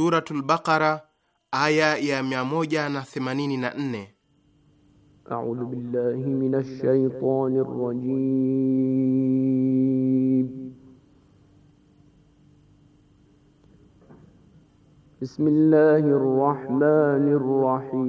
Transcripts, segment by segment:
Suratul Baqara aya ya 184. A'udhu billahi minash shaitanir rajim. Bismillahir rahmanir rahim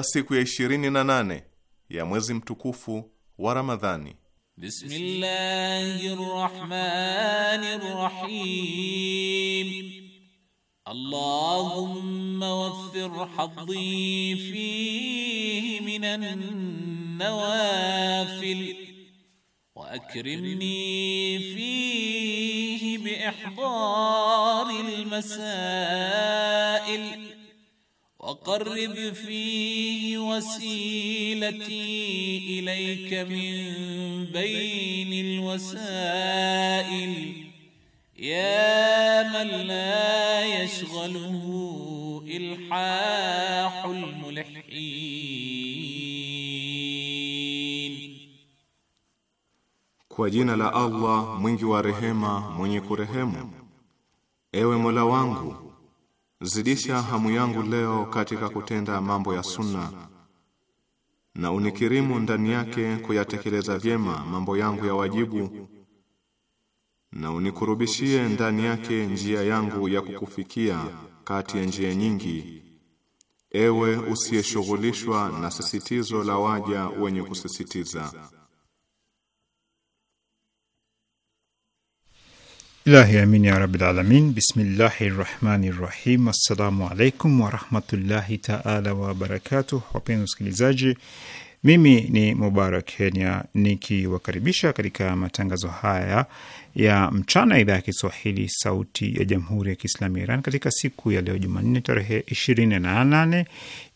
ya siku ya ishirini na nane ya mwezi mtukufu wa Ramadhani. Bismillahir Rahmanir Rahim. Allahumma waffir hadhi fi minan nawafil wa akrimni fihi bi ihdari masail وقرب فيه وسيلتي إليك من بين الوسائل يا من لا يشغله إلحاح الملحين Kwa jina la Allah mwingi wa rehema mwenye kurehemu, ewe Mola wangu zidisha hamu yangu leo katika kutenda mambo ya sunna na unikirimu ndani yake kuyatekeleza vyema mambo yangu ya wajibu na unikurubishie ndani yake njia yangu ya kukufikia kati ya njia nyingi ewe usiyeshughulishwa na sisitizo la waja wenye kusisitiza İlahi emin ya rabbil alemin. Bismillahirrahmanirrahim. Assalamu alaikum rahmatullahi taala ve wabarakatuh. Wapenzi wasikilizaji, Mimi ni Mubarak Kenya nikiwakaribisha katika matangazo haya ya mchana, idhaa ya Kiswahili sauti ya jamhuri ya Kiislamu ya Iran, katika siku ya leo Jumanne tarehe 28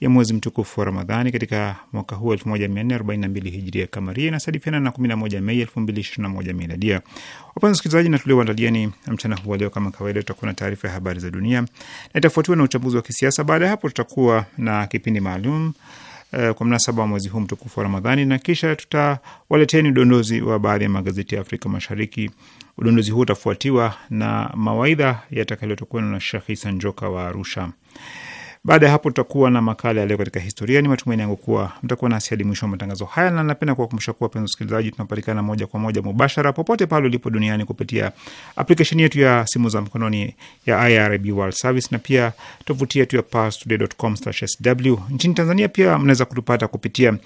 ya mwezi mtukufu wa Ramadhani katika mwaka huu elfu moja hijiria kamaria, inasadifiana na kumi na moja Mei elfu mbili ishirini na moja miladia. Wapenzi wasikilizaji, na tulioandalieni mchana huu wa leo, kama kawaida, tutakuwa na taarifa ya habari za dunia na itafuatiwa na uchambuzi wa kisiasa. Baada ya hapo, tutakuwa na kipindi maalum Eh, kwa mnasaba wa mwezi huu mtukufu wa Ramadhani, na kisha tutawaleteni udondozi wa baadhi ya magazeti ya Afrika Mashariki. Udondozi huu utafuatiwa na mawaidha yatakayoletwa kwenu na Shekh Isa Njoka wa Arusha. Baada ya hapo tutakuwa na makala ya leo katika historia. Ni matumaini yangu kuwa mtakuwa nasi hadi mwisho wa matangazo haya, na napenda kuwakumbusha kuwa, penzi wasikilizaji, tunapatikana moja kwa moja mubashara popote pale ulipo duniani kupitia aplikesheni yetu ya simu za mkononi ya IRIB World Service na pia tovuti yetu ya parstoday.com/sw. Nchini Tanzania pia mnaweza kutupata kupitia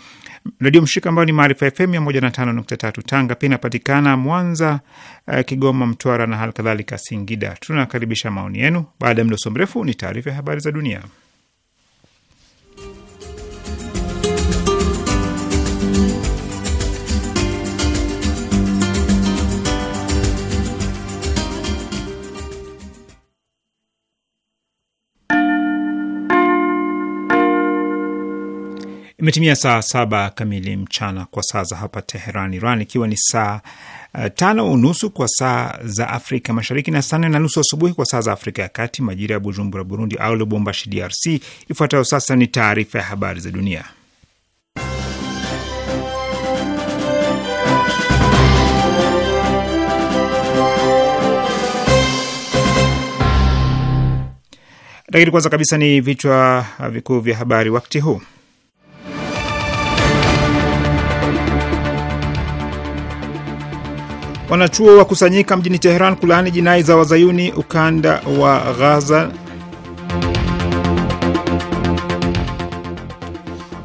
redio mshirika ambayo ni Maarifa FM 105.3 Tanga, pia inapatikana Mwanza, uh, Kigoma, Mtwara na hali kadhalika Singida. Tunakaribisha maoni yenu. Baada ya mdoso mrefu ni taarifa ya habari za dunia. Imetimia saa saba kamili mchana kwa saa za hapa Teheran, Iran, ikiwa ni saa uh, tano unusu kwa saa za Afrika Mashariki na saa nne na nusu asubuhi kwa saa za Afrika ya Kati, majira ya Bujumbura, Burundi, au Lubumbashi, DRC. Ifuatayo sasa ni taarifa ya habari za dunia, lakini kwanza kabisa ni vichwa vikuu vya habari wakati huu. Wanachuo wakusanyika mjini Teheran kulaani jinai za wazayuni ukanda wa Ghaza.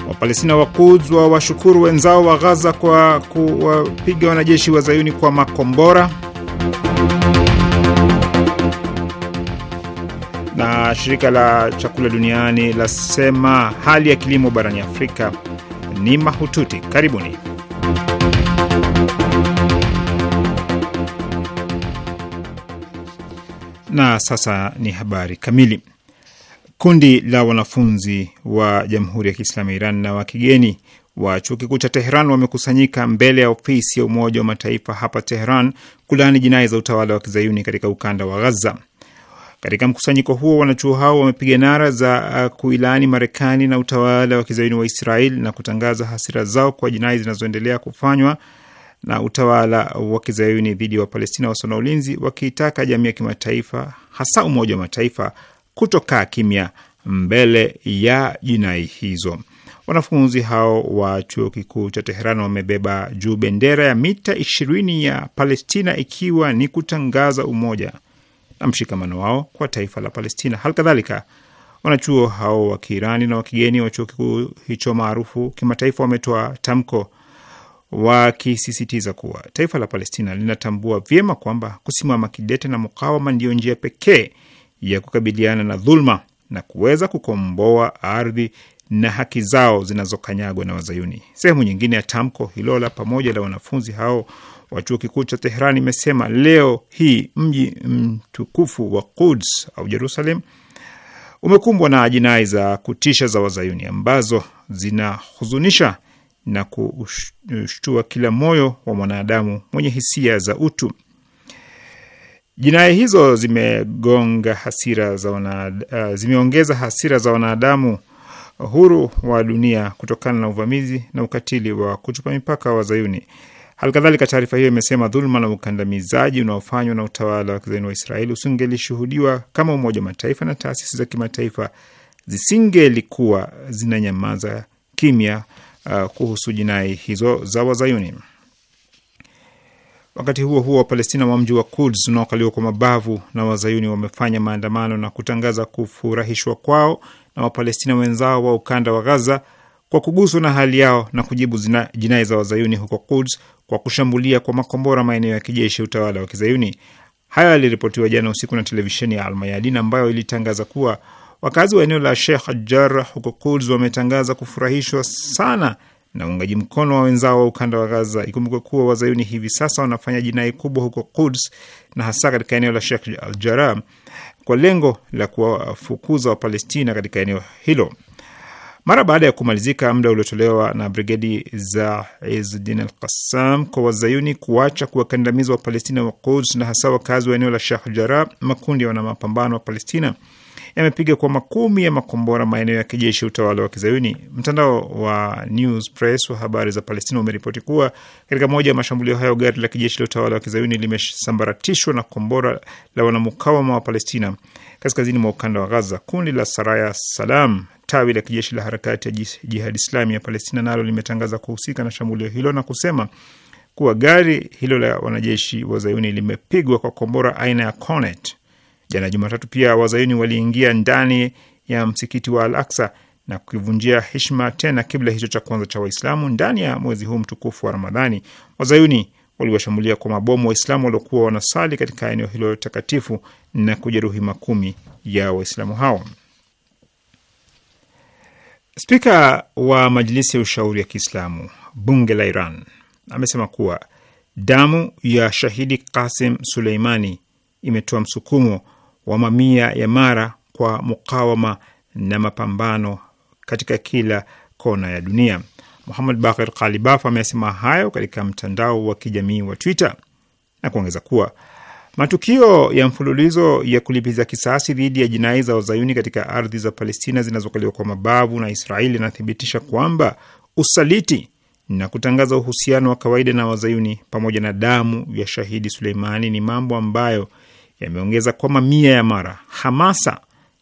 Wapalestina wakuzwa wa washukuru wenzao wa Ghaza kwa kuwapiga wanajeshi wazayuni kwa makombora. Na shirika la chakula duniani lasema hali ya kilimo barani Afrika ni mahututi. Karibuni. Na sasa ni habari kamili. Kundi la wanafunzi wa Jamhuri ya Kiislamu ya Iran na wa kigeni wa chuo kikuu cha Teheran wamekusanyika mbele ya ofisi ya Umoja wa Mataifa hapa Teheran kulaani jinai za utawala wa kizayuni katika ukanda wa Ghaza. Katika mkusanyiko huo, wanachuo hao wamepiga nara za uh, kuilaani Marekani na utawala wa kizayuni wa Israel na kutangaza hasira zao kwa jinai zinazoendelea kufanywa na utawala wa kizayuni dhidi ya Wapalestina wasio na ulinzi, wakiitaka jamii ya kimataifa, hasa Umoja wa Mataifa, kutokaa kimya mbele ya jinai hizo. Wanafunzi hao wa chuo kikuu cha Teheran wamebeba juu bendera ya mita ishirini ya Palestina ikiwa ni kutangaza umoja na mshikamano wao kwa taifa la Palestina. Hali kadhalika wanachuo hao wa Kiirani na wa kigeni wa chuo kikuu hicho maarufu kimataifa wametoa tamko wakisisitiza kuwa taifa la Palestina linatambua vyema kwamba kusimama kidete na mukawama ndiyo njia pekee ya kukabiliana na dhuluma na kuweza kukomboa ardhi na haki zao zinazokanyagwa na Wazayuni. Sehemu nyingine ya tamko hilo la pamoja la wanafunzi hao wa chuo kikuu cha Tehran imesema leo hii mji mtukufu wa Quds au Jerusalem umekumbwa na jinai za kutisha za Wazayuni ambazo zinahuzunisha na kushtua kila moyo wa mwanadamu mwenye hisia za utu. Jinai hizo zimegonga hasira za uh, zimeongeza hasira za wanadamu huru wa dunia kutokana na uvamizi na ukatili wa kuchupa mipaka wa Zayuni. Halikadhalika, taarifa hiyo imesema dhuluma na ukandamizaji unaofanywa na utawala wa kizayuni wa Israeli usingelishuhudiwa kama Umoja wa Mataifa na taasisi za kimataifa zisingelikuwa zinanyamaza kimya uh, kuhusu jinai hizo za Wazayuni. Wakati huo huo, Wapalestina wa mji wa Kuds unaokaliwa kwa mabavu na Wazayuni wamefanya maandamano na kutangaza kufurahishwa kwao na Wapalestina wenzao wa ukanda wa Gaza kwa kuguswa na hali yao na kujibu jinai za Wazayuni huko Kuds kwa kushambulia kwa makombora maeneo ya kijeshi utawala wa Kizayuni. Hayo yaliripotiwa jana usiku na televisheni ya Almayadin ambayo ilitangaza kuwa Wakazi wa eneo la Sheikh Jarrah huko Quds wametangaza kufurahishwa sana na uungaji mkono wa wenzao wa ukanda wa Gaza. Ikumbukwe kuwa wazayuni hivi sasa wanafanya jinai kubwa huko Quds na hasa katika eneo la Sheikh Al Jarrah kwa lengo la kuwafukuza Wapalestina katika eneo hilo. Mara baada ya kumalizika muda uliotolewa na brigedi za Izzuddin al-Qassam kwa wazayuni kuacha kuwakandamiza Wapalestina wa Quds na hasa wakazi wa eneo la Sheikh Jarrah, makundi ya wanamapambano wa Palestina yamepiga kwa makumi ya makombora maeneo ya kijeshi utawala wa Kizayuni. Mtandao wa News Press wa habari za Palestina umeripoti kuwa katika moja ya mashambulio hayo gari la kijeshi la utawala wa Kizayuni limesambaratishwa na kombora la wanamukawama wa Palestina kaskazini mwa ukanda wa Gaza. Kundi la Saraya Salam, tawi la kijeshi la harakati ya Jihadi Islami ya Palestina, nalo limetangaza kuhusika na shambulio hilo na kusema kuwa gari hilo la wanajeshi wa Zayuni limepigwa kwa kombora aina ya Cornet Jana Jumatatu pia wazayuni waliingia ndani ya msikiti wa Al Aksa na kukivunjia heshima tena kibla hicho cha kwanza cha Waislamu ndani ya mwezi huu mtukufu wa Ramadhani. Wazayuni waliwashambulia kwa mabomu Waislamu waliokuwa wanasali katika eneo hilo takatifu na kujeruhi makumi ya Waislamu hao. Spika wa Majlisi ya Ushauri ya Kiislamu, bunge la Iran, amesema kuwa damu ya shahidi Kasim Suleimani imetoa msukumo wa mamia ya mara kwa mukawama na mapambano katika kila kona ya dunia. Muhamad Bakir Kalibaf amesema hayo katika mtandao wa kijamii wa Twitter na kuongeza kuwa matukio ya mfululizo ya kulipiza kisasi dhidi ya jinai za wazayuni katika ardhi za Palestina zinazokaliwa kwa mabavu na Israeli yanathibitisha kwamba usaliti na kutangaza uhusiano wa kawaida na wazayuni pamoja na damu ya shahidi Suleimani ni mambo ambayo yameongeza kwa mamia ya mara hamasa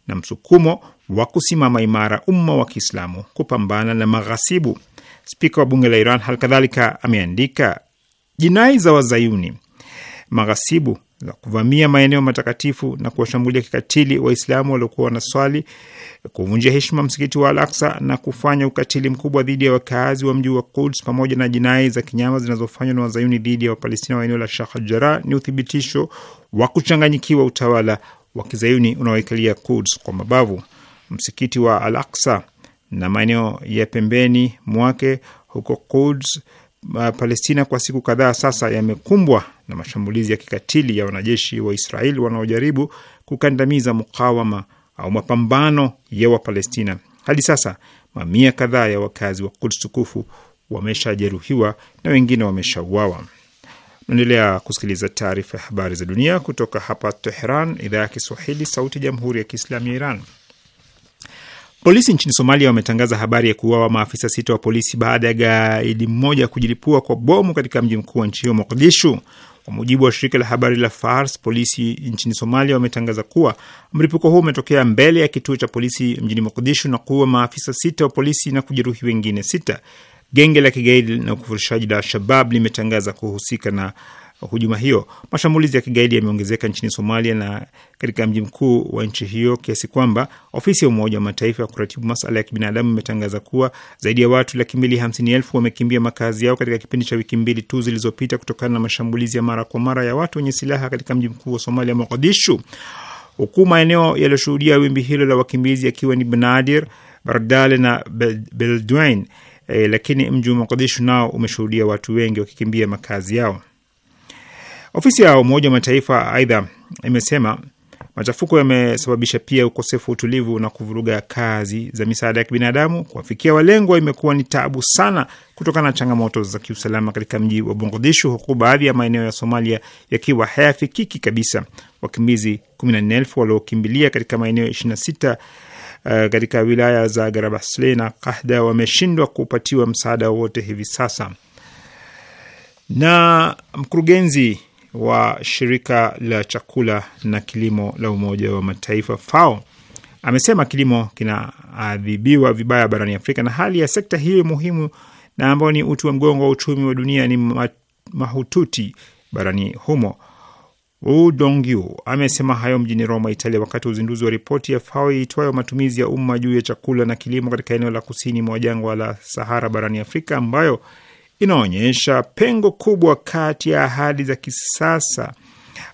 na msukumo wa kusimama imara umma wa Kiislamu kupambana na maghasibu. Spika wa bunge la Iran halikadhalika ameandika, jinai za wazayuni maghasibu na kuvamia maeneo matakatifu na kuwashambulia kikatili Waislamu waliokuwa wanaswali, kuvunjia heshima msikiti wa Al-Aqsa na kufanya ukatili mkubwa dhidi ya wakaazi wa mji wa Quds, pamoja na jinai za kinyama zinazofanywa na Wazayuni dhidi ya Wapalestina wa eneo la Sheikh Jarrah ni uthibitisho wa kuchanganyikiwa utawala wa kizayuni unaoikalia Quds kwa mabavu. Msikiti wa Al-Aqsa na maeneo ya pembeni mwake huko Quds Palestina kwa siku kadhaa sasa yamekumbwa na mashambulizi ya kikatili ya wanajeshi wa Israel wanaojaribu kukandamiza mukawama au mapambano ya Wapalestina. Hadi sasa mamia kadhaa ya wakazi wa Kuds tukufu wameshajeruhiwa na wengine wameshauawa. Naendelea kusikiliza taarifa ya habari za dunia kutoka hapa Teheran, idhaa ya Kiswahili, sauti ya jamhuri ya kiislamu ya Iran. Polisi nchini Somalia wametangaza habari ya kuuawa maafisa sita wa polisi baada ya gaidi mmoja kujilipua kwa bomu katika mji mkuu wa nchi hiyo Mogadishu. Kwa mujibu wa shirika la habari la Fars, polisi nchini Somalia wametangaza kuwa mlipuko huo umetokea mbele ya kituo cha polisi mjini Mogadishu na kuua maafisa sita wa polisi na kujeruhi wengine sita. Genge la kigaidi na ukufurishaji la Al-Shabab limetangaza kuhusika na hujuma hiyo. Mashambulizi ya kigaidi yameongezeka nchini Somalia na katika mji mkuu wa nchi hiyo kiasi kwamba ofisi ya Umoja wa Mataifa ya kuratibu masala ya kibinadamu imetangaza kuwa zaidi ya watu laki mbili hamsini elfu wamekimbia makazi yao katika kipindi cha wiki mbili tu zilizopita kutokana na mashambulizi ya mara kwa mara ya watu wenye silaha katika mji mkuu wa Somalia, Mogadishu, huku maeneo yaliyoshuhudia wimbi hilo la wakimbizi yakiwa ni Benadir, Bardale na Beledweyne. E, eh, lakini mji wa Mogadishu nao umeshuhudia watu wengi wakikimbia makazi yao. Ofisi ya Umoja wa Mataifa aidha imesema machafuko yamesababisha pia ukosefu wa utulivu na kuvuruga kazi za misaada ya kibinadamu. Kuwafikia walengwa imekuwa ni tabu sana kutokana na changamoto za kiusalama katika mji wa Mogadishu, huku baadhi ya maeneo ya Somalia yakiwa hayafikiki kabisa. Wakimbizi 14,000 waliokimbilia katika maeneo 26 uh, eh, katika wilaya za Garabasle na Kahda wameshindwa kupatiwa msaada wowote hivi sasa. Na mkurugenzi wa shirika la chakula na kilimo la Umoja wa Mataifa FAO amesema kilimo kinaadhibiwa vibaya barani Afrika na hali ya sekta hiyo muhimu na ambayo ni uti wa mgongo wa uchumi wa dunia ni ma mahututi barani humo. Udongyu amesema hayo mjini Roma, Italia, wakati wa uzinduzi wa ripoti ya FAO iitwayo matumizi ya umma juu ya chakula na kilimo katika eneo la kusini mwa jangwa la Sahara barani Afrika, ambayo inaonyesha pengo kubwa kati ya ahadi za kisasa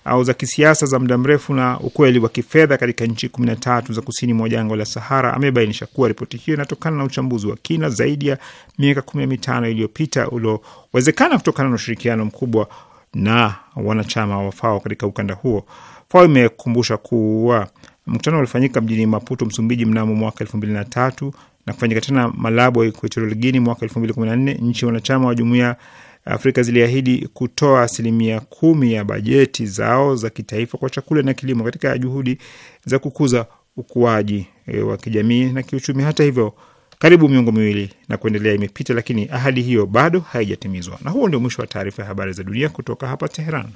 au za kisiasa za muda mrefu na ukweli wa kifedha katika nchi kumi na tatu za kusini mwa jangwa la Sahara. Amebainisha kuwa ripoti hiyo inatokana na uchambuzi wa kina zaidi ya miaka kumi na mitano iliyopita uliowezekana kutokana na ushirikiano mkubwa na wanachama wa FAO katika ukanda huo. FAO imekumbusha kuwa mkutano ulifanyika mjini Maputo, Msumbiji mnamo mwaka elfu mbili na tatu na kufanyika tena Malabo, Equatorial Guinea mwaka 2014, nchi wanachama wa jumuiya Afrika ziliahidi kutoa asilimia kumi ya bajeti zao za kitaifa kwa chakula na kilimo katika juhudi za kukuza ukuaji e, wa kijamii na kiuchumi. Hata hivyo, karibu miongo miwili na kuendelea imepita, lakini ahadi hiyo bado haijatimizwa. Na huo ndio mwisho wa taarifa ya habari za dunia kutoka hapa Teheran.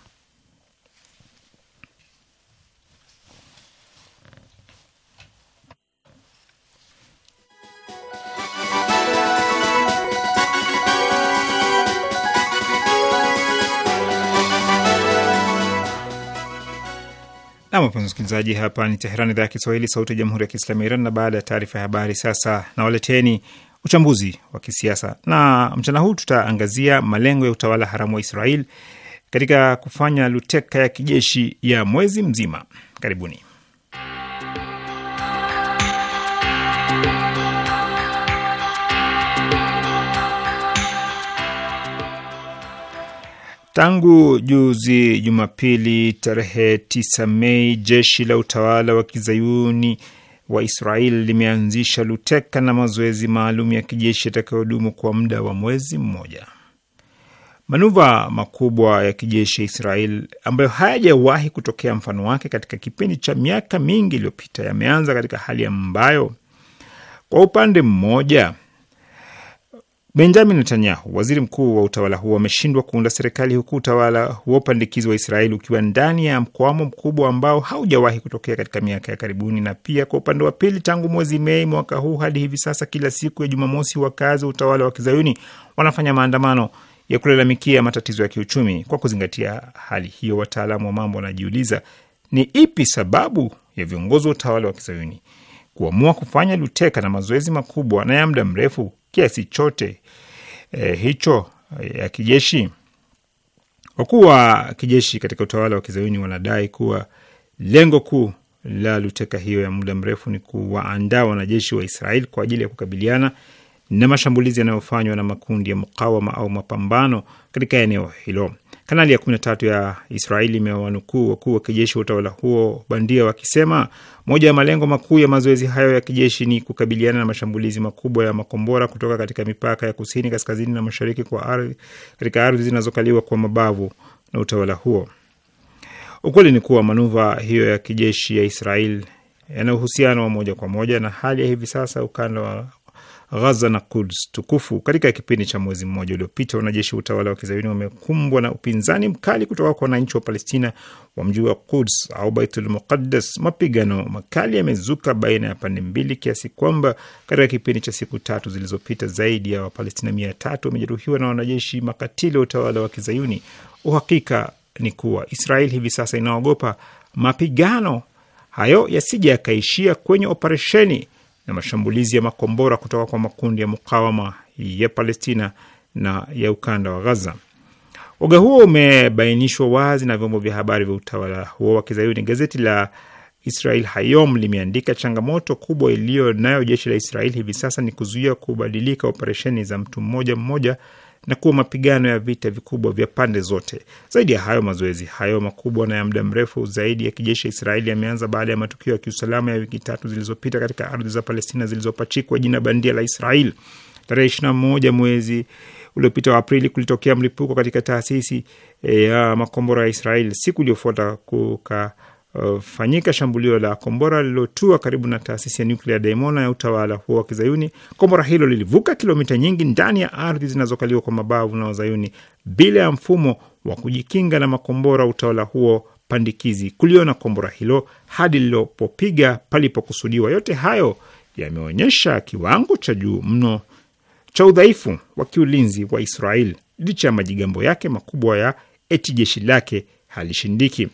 Nam, wapenzi msikilizaji, hapa ni Teheran, idhaa ya Kiswahili, sauti ya jamhuri ya kiislamu ya Iran. Na baada ya taarifa ya habari, sasa nawaleteni uchambuzi wa kisiasa, na mchana huu tutaangazia malengo ya utawala haramu wa Israel katika kufanya luteka ya kijeshi ya mwezi mzima. Karibuni. Tangu juzi Jumapili tarehe 9 Mei, jeshi la utawala wa kizayuni wa Israeli limeanzisha luteka na mazoezi maalum ya kijeshi yatakayodumu kwa muda wa mwezi mmoja. Manuva makubwa ya kijeshi ya Israel ambayo hayajawahi kutokea mfano wake katika kipindi cha miaka mingi iliyopita yameanza katika hali ambayo kwa upande mmoja Benjamin Netanyahu, waziri mkuu wa utawala huo, ameshindwa kuunda serikali huku utawala huo pandikizi wa Israeli ukiwa ndani ya mkwamo mkubwa ambao haujawahi kutokea katika miaka ya karibuni. Na pia kwa upande wa pili, tangu mwezi Mei mwaka huu hadi hivi sasa, kila siku ya Jumamosi wakazi wa utawala wa kizayuni wanafanya maandamano ya kulalamikia matatizo ya kiuchumi. Kwa kuzingatia hali hiyo, wataalamu wa mambo wanajiuliza ni ipi sababu ya viongozi wa utawala wa kizayuni kuamua kufanya luteka na mazoezi makubwa na ya muda mrefu kiasi chote e, hicho eh, ya kijeshi. Wakuu wa kijeshi katika utawala wa kizayuni wanadai kuwa lengo kuu la luteka hiyo ya muda mrefu ni kuwaandaa wanajeshi wa Israeli kwa ajili ya kukabiliana na mashambulizi yanayofanywa na makundi ya mukawama au mapambano katika eneo hilo. Kanali ya 13 ya Israeli imewanukuu wakuu wa kijeshi wa utawala huo bandia wakisema moja ya malengo makuu ya mazoezi hayo ya kijeshi ni kukabiliana na mashambulizi makubwa ya makombora kutoka katika mipaka ya kusini, kaskazini na mashariki kwa ardhi, katika ardhi zinazokaliwa kwa mabavu na utawala huo. Ukweli ni kuwa manuva hiyo ya kijeshi ya Israel yana uhusiano wa moja kwa moja na hali ya hivi sasa ukanda wa Ghaza na Kuds tukufu. Katika kipindi cha mwezi mmoja uliopita, wanajeshi wa utawala wa kizayuni wamekumbwa na upinzani mkali kutoka kwa wananchi wa Palestina wa mji wa Kuds au Baitul Muqaddas. Mapigano makali yamezuka baina ya pande mbili kiasi kwamba katika kipindi cha siku tatu zilizopita zaidi ya Wapalestina mia tatu wamejeruhiwa na wanajeshi makatili wa utawala wa kizayuni. Uhakika ni kuwa Israel hivi sasa inaogopa mapigano hayo yasija yakaishia kwenye operesheni na mashambulizi ya makombora kutoka kwa makundi ya mukawama ya Palestina na ya ukanda wa Gaza. Uga huo umebainishwa wazi na vyombo vya habari vya utawala huo wa kizayuni. Gazeti la Israel Hayom limeandika, changamoto kubwa iliyo nayo jeshi la Israel hivi sasa ni kuzuia kubadilika operesheni za mtu mmoja mmoja na kuwa mapigano ya vita vikubwa vya pande zote. Zaidi ya hayo, mazoezi hayo makubwa na ya muda mrefu zaidi ya kijeshi ya Israeli yameanza baada ya matukio ya kiusalama ya wiki tatu zilizopita katika ardhi za Palestina zilizopachikwa jina bandia la Israel. Tarehe moja mwezi uliopita wa Aprili kulitokea mlipuko katika taasisi eh, ya makombora ya Israel. Siku iliyofuata kuka Eh, fanyika shambulio la kombora lililotua karibu na taasisi ya nuklia Daimona ya utawala huo wa Kizayuni. Kombora hilo lilivuka kilomita nyingi ndani ya ardhi zinazokaliwa kwa mabavu na Wazayuni bila ya mfumo wa kujikinga na makombora utawala huo pandikizi kuliona kombora hilo hadi lilopopiga palipokusudiwa. Yote hayo yameonyesha kiwango cha juu mno cha udhaifu wa kiulinzi wa Israel. Licha ya majigambo yake makubwa ya eti jeshi lake halishindiki.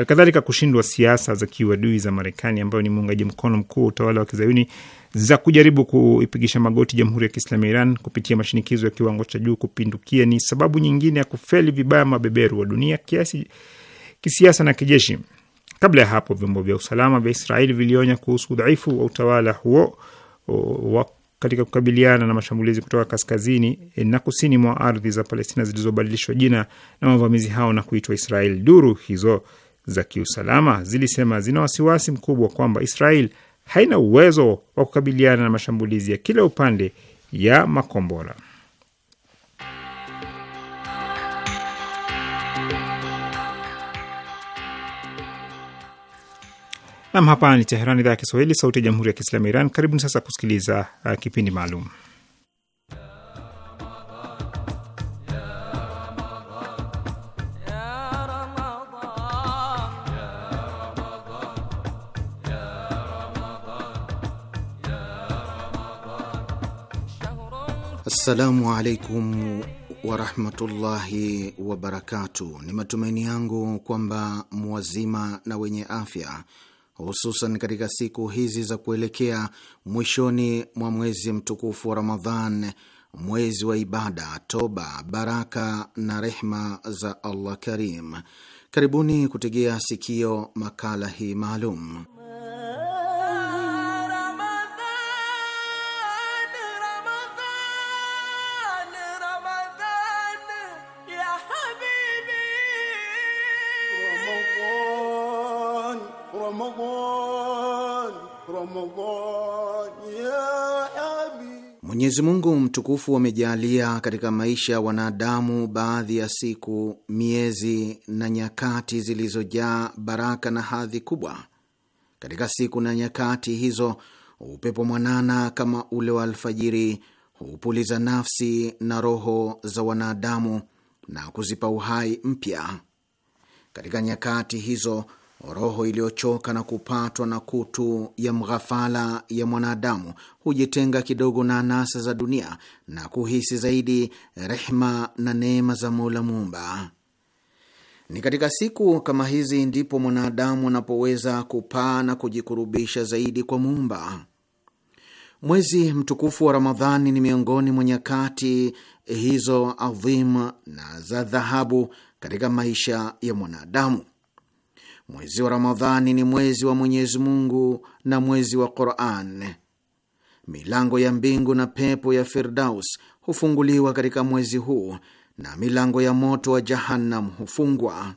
Halikadhalika, kushindwa siasa za kiuadui za Marekani ambayo ni muungaji mkono mkuu wa utawala wa kizayuni za kujaribu kuipigisha magoti Jamhuri ya Kiislamu ya Iran kupitia mashinikizo ya kiwango cha juu kupindukia ni sababu nyingine ya kufeli vibaya mabeberu wa dunia kiasi kisiasa na kijeshi. Kabla ya hapo, vyombo vya usalama vya Israeli vilionya kuhusu udhaifu wa utawala huo wa katika kukabiliana na mashambulizi kutoka kaskazini na kusini mwa ardhi za Palestina zilizobadilishwa jina na wavamizi hao na kuitwa Israeli. Duru hizo za kiusalama zilisema zina wasiwasi mkubwa kwamba Israel haina uwezo wa kukabiliana na mashambulizi ya kila upande ya makombora. Nam, hapa ni Teheran, idhaa ya Kiswahili, sauti ya jamhuri ya kiislamu ya Iran. Karibuni sasa kusikiliza uh, kipindi maalum Assalamu alaikum warahmatullahi wabarakatuh. Ni matumaini yangu kwamba mwazima na wenye afya, hususan katika siku hizi za kuelekea mwishoni mwa mwezi mtukufu wa Ramadhan, mwezi wa ibada, toba, baraka na rehma za Allah Karim. Karibuni kutegea sikio makala hii maalum. Mwenyezi Mungu mtukufu amejaalia katika maisha ya wanadamu baadhi ya siku, miezi na nyakati zilizojaa baraka na hadhi kubwa. Katika siku na nyakati hizo, upepo mwanana kama ule wa alfajiri hupuliza nafsi na roho za wanadamu na kuzipa uhai mpya. Katika nyakati hizo Roho iliyochoka na kupatwa na kutu ya mghafala ya mwanadamu hujitenga kidogo na anasa za dunia na kuhisi zaidi rehma na neema za Mola Muumba. Ni katika siku kama hizi ndipo mwanadamu anapoweza kupaa na kujikurubisha zaidi kwa Muumba. Mwezi mtukufu wa Ramadhani ni miongoni mwa nyakati hizo adhimu na za dhahabu katika maisha ya mwanadamu. Mwezi wa Ramadhani ni mwezi wa Mwenyezi Mungu na mwezi wa Quran. Milango ya mbingu na pepo ya Firdaus hufunguliwa katika mwezi huu na milango ya moto wa Jahannam hufungwa.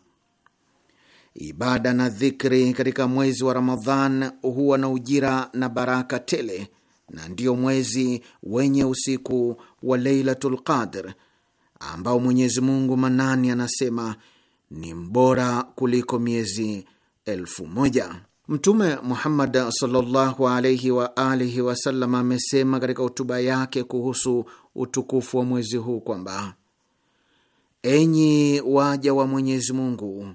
Ibada na dhikri katika mwezi wa Ramadhan huwa na ujira na baraka tele, na ndiyo mwezi wenye usiku wa Leilatul Qadr ambao Mwenyezi Mungu manani anasema ni mbora kuliko miezi elfu moja. Mtume Muhammad sallallahu alaihi wa alihi wasallam amesema katika hotuba yake kuhusu utukufu wa mwezi huu kwamba enyi waja wa Mwenyezi Mungu,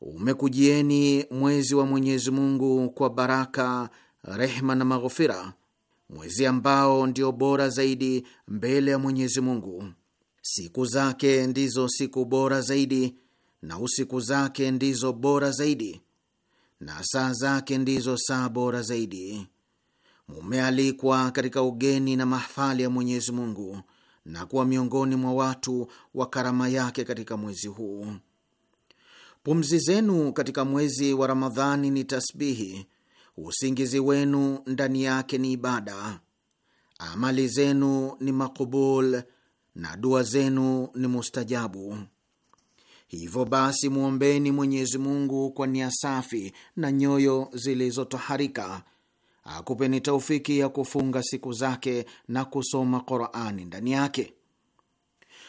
umekujieni mwezi wa Mwenyezi Mungu kwa baraka, rehma na maghufira mwezi ambao ndio bora zaidi mbele ya Mwenyezi Mungu. Siku zake ndizo siku bora zaidi na usiku zake ndizo bora zaidi, na saa zake ndizo saa bora zaidi. Mumealikwa katika ugeni na mahfali ya Mwenyezi Mungu na kuwa miongoni mwa watu wa karama yake katika mwezi huu. Pumzi zenu katika mwezi wa Ramadhani ni tasbihi, usingizi wenu ndani yake ni ibada, amali zenu ni makubul na dua zenu ni mustajabu. Hivyo basi, mwombeni Mwenyezi Mungu kwa nia safi na nyoyo zilizotoharika akupeni taufiki ya kufunga siku zake na kusoma Qurani ndani yake.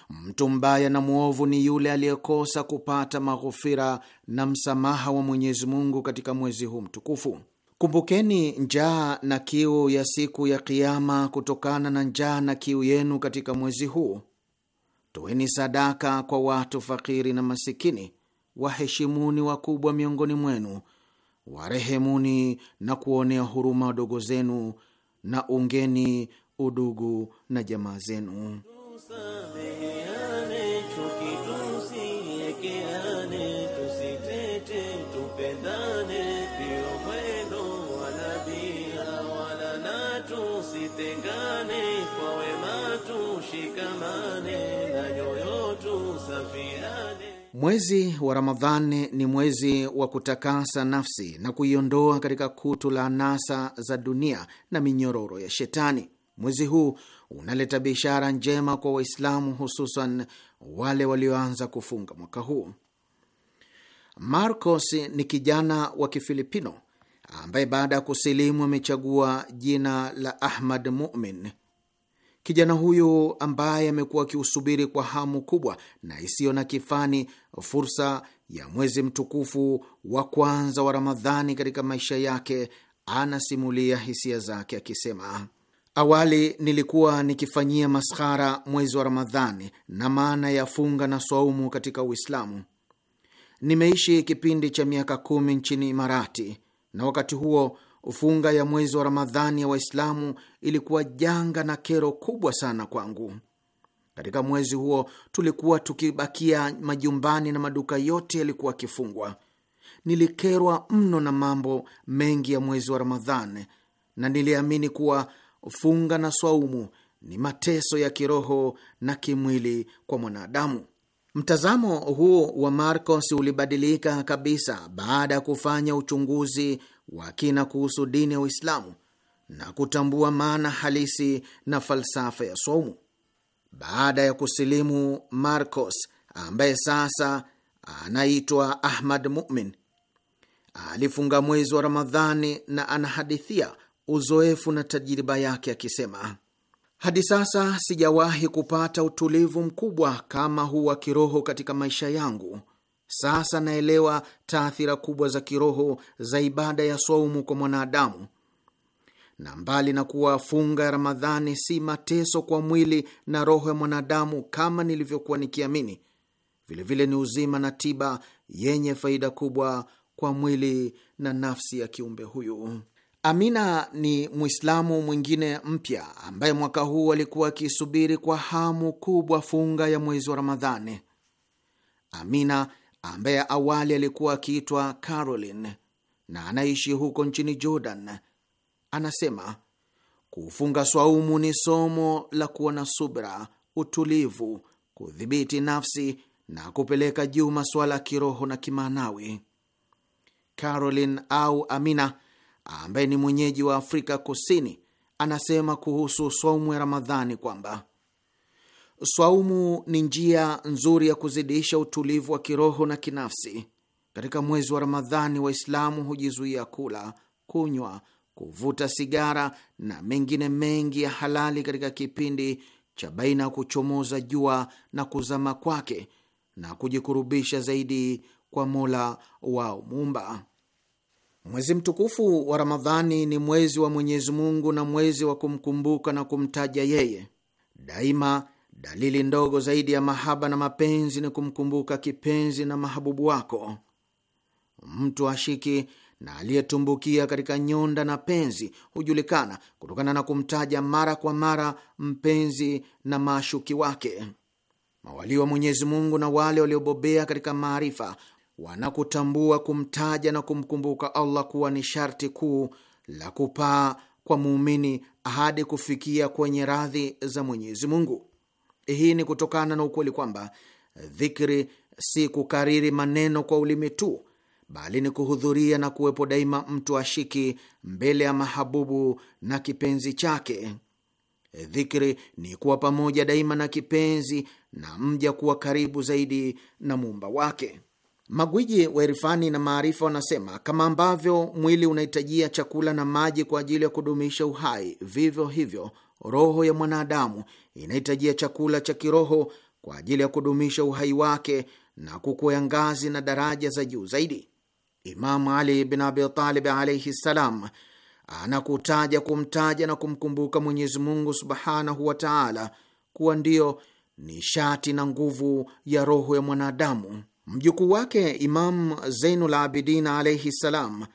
Mtu mbaya na mwovu ni yule aliyekosa kupata maghufira na msamaha wa Mwenyezi Mungu katika mwezi huu mtukufu. Kumbukeni njaa na kiu ya siku ya Kiama kutokana na njaa na kiu yenu katika mwezi huu Toeni sadaka kwa watu fakiri na masikini, waheshimuni wakubwa miongoni mwenu, warehemuni na kuonea huruma wadogo zenu, na ungeni udugu na jamaa zenu. Mwezi wa Ramadhani ni mwezi wa kutakasa nafsi na kuiondoa katika kutu la anasa za dunia na minyororo ya Shetani. Mwezi huu unaleta bishara njema kwa Waislamu, hususan wale walioanza kufunga mwaka huu. Marcos ni kijana wa Kifilipino ambaye baada ya kusilimu amechagua jina la Ahmad Mumin. Kijana huyu ambaye amekuwa akiusubiri kwa hamu kubwa na isiyo na kifani fursa ya mwezi mtukufu wa kwanza wa Ramadhani katika maisha yake, anasimulia hisia zake akisema: Awali nilikuwa nikifanyia maskhara mwezi wa Ramadhani na maana ya funga na swaumu katika Uislamu. Nimeishi kipindi cha miaka kumi nchini Imarati, na wakati huo Funga ya mwezi wa Ramadhani ya Waislamu ilikuwa janga na kero kubwa sana kwangu. Katika mwezi huo tulikuwa tukibakia majumbani na maduka yote yalikuwa akifungwa. Nilikerwa mno na mambo mengi ya mwezi wa Ramadhani na niliamini kuwa funga na swaumu ni mateso ya kiroho na kimwili kwa mwanadamu. Mtazamo huu wa Marcos ulibadilika kabisa baada ya kufanya uchunguzi wa kina kuhusu dini ya Uislamu na kutambua maana halisi na falsafa ya somu Baada ya kusilimu Marcos, ambaye sasa anaitwa Ahmad Mumin, alifunga mwezi wa Ramadhani na anahadithia uzoefu na tajiriba yake akisema, hadi sasa sijawahi kupata utulivu mkubwa kama huu wa kiroho katika maisha yangu. Sasa naelewa taathira kubwa za kiroho za ibada ya swaumu kwa mwanadamu, na mbali na kuwa funga ya Ramadhani si mateso kwa mwili na roho ya mwanadamu kama nilivyokuwa nikiamini, vilevile ni uzima na tiba yenye faida kubwa kwa mwili na nafsi ya kiumbe huyu. Amina ni Mwislamu mwingine mpya ambaye mwaka huu alikuwa akisubiri kwa hamu kubwa funga ya mwezi wa Ramadhani. Amina ambaye awali alikuwa akiitwa Caroline na anaishi huko nchini Jordan, anasema kufunga swaumu ni somo la kuwa na subra, utulivu, kudhibiti nafsi na kupeleka juu masuala ya kiroho na kimaanawi. Caroline au Amina ambaye ni mwenyeji wa Afrika Kusini anasema kuhusu saumu ya Ramadhani kwamba Swaumu ni njia nzuri ya kuzidisha utulivu wa kiroho na kinafsi. Katika mwezi wa Ramadhani, Waislamu hujizuia kula, kunywa, kuvuta sigara na mengine mengi ya halali katika kipindi cha baina ya kuchomoza jua na kuzama kwake na kujikurubisha zaidi kwa Mola wao Muumba. Mwezi mtukufu wa Ramadhani ni mwezi wa Mwenyezi Mungu na mwezi wa kumkumbuka na kumtaja yeye daima. Dalili ndogo zaidi ya mahaba na mapenzi ni kumkumbuka kipenzi na mahabubu wako. Mtu ashiki na aliyetumbukia katika nyonda na penzi hujulikana kutokana na kumtaja mara kwa mara mpenzi na maashuki wake. mawali wa Mwenyezi Mungu na wale waliobobea katika maarifa wanakutambua kumtaja na kumkumbuka Allah kuwa ni sharti kuu la kupaa kwa muumini hadi kufikia kwenye radhi za Mwenyezi Mungu. Hii ni kutokana na ukweli kwamba dhikri si kukariri maneno kwa ulimi tu, bali ni kuhudhuria na kuwepo daima mtu ashiki mbele ya mahabubu na kipenzi chake. Dhikri ni kuwa pamoja daima na kipenzi na mja kuwa karibu zaidi na muumba wake. Magwiji wa irfani na maarifa wanasema kama ambavyo mwili unahitajia chakula na maji kwa ajili ya kudumisha uhai, vivyo hivyo roho ya mwanadamu inahitajia chakula cha kiroho kwa ajili ya kudumisha uhai wake na kukwea ngazi na daraja za juu zaidi. Imamu Ali bin Abi Talib alaihi ssalam anakutaja kumtaja na kumkumbuka Mwenyezi Mungu subhanahu wa taala kuwa ndiyo nishati na nguvu ya roho ya mwanadamu. Mjukuu wake Imamu Zeinul Abidin alaihi ssalam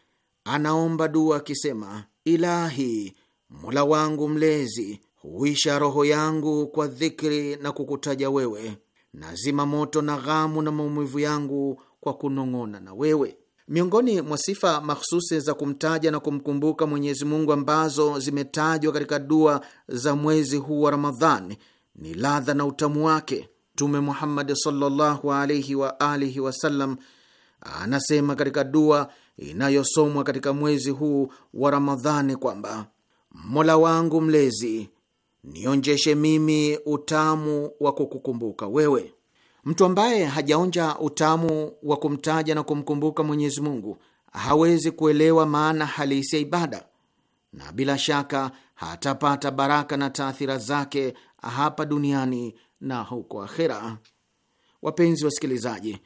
anaomba dua akisema: Ilahi, mola wangu mlezi huisha roho yangu kwa dhikri na kukutaja wewe, nazima moto na ghamu na maumivu yangu kwa kunong'ona na wewe. Miongoni mwa sifa makhususi za kumtaja na kumkumbuka Mwenyezi Mungu ambazo zimetajwa katika dua za mwezi huu wa Ramadhani ni ladha na utamu wake. Mtume Muhammad sallallahu alaihi wa alihi wasallam anasema katika dua inayosomwa katika mwezi huu wa Ramadhani kwamba Mola wangu mlezi nionjeshe mimi utamu wa kukukumbuka wewe. Mtu ambaye hajaonja utamu wa kumtaja na kumkumbuka Mwenyezi Mungu hawezi kuelewa maana halisi ya ibada na bila shaka hatapata baraka na taathira zake hapa duniani na huko akhera. Wapenzi wasikilizaji,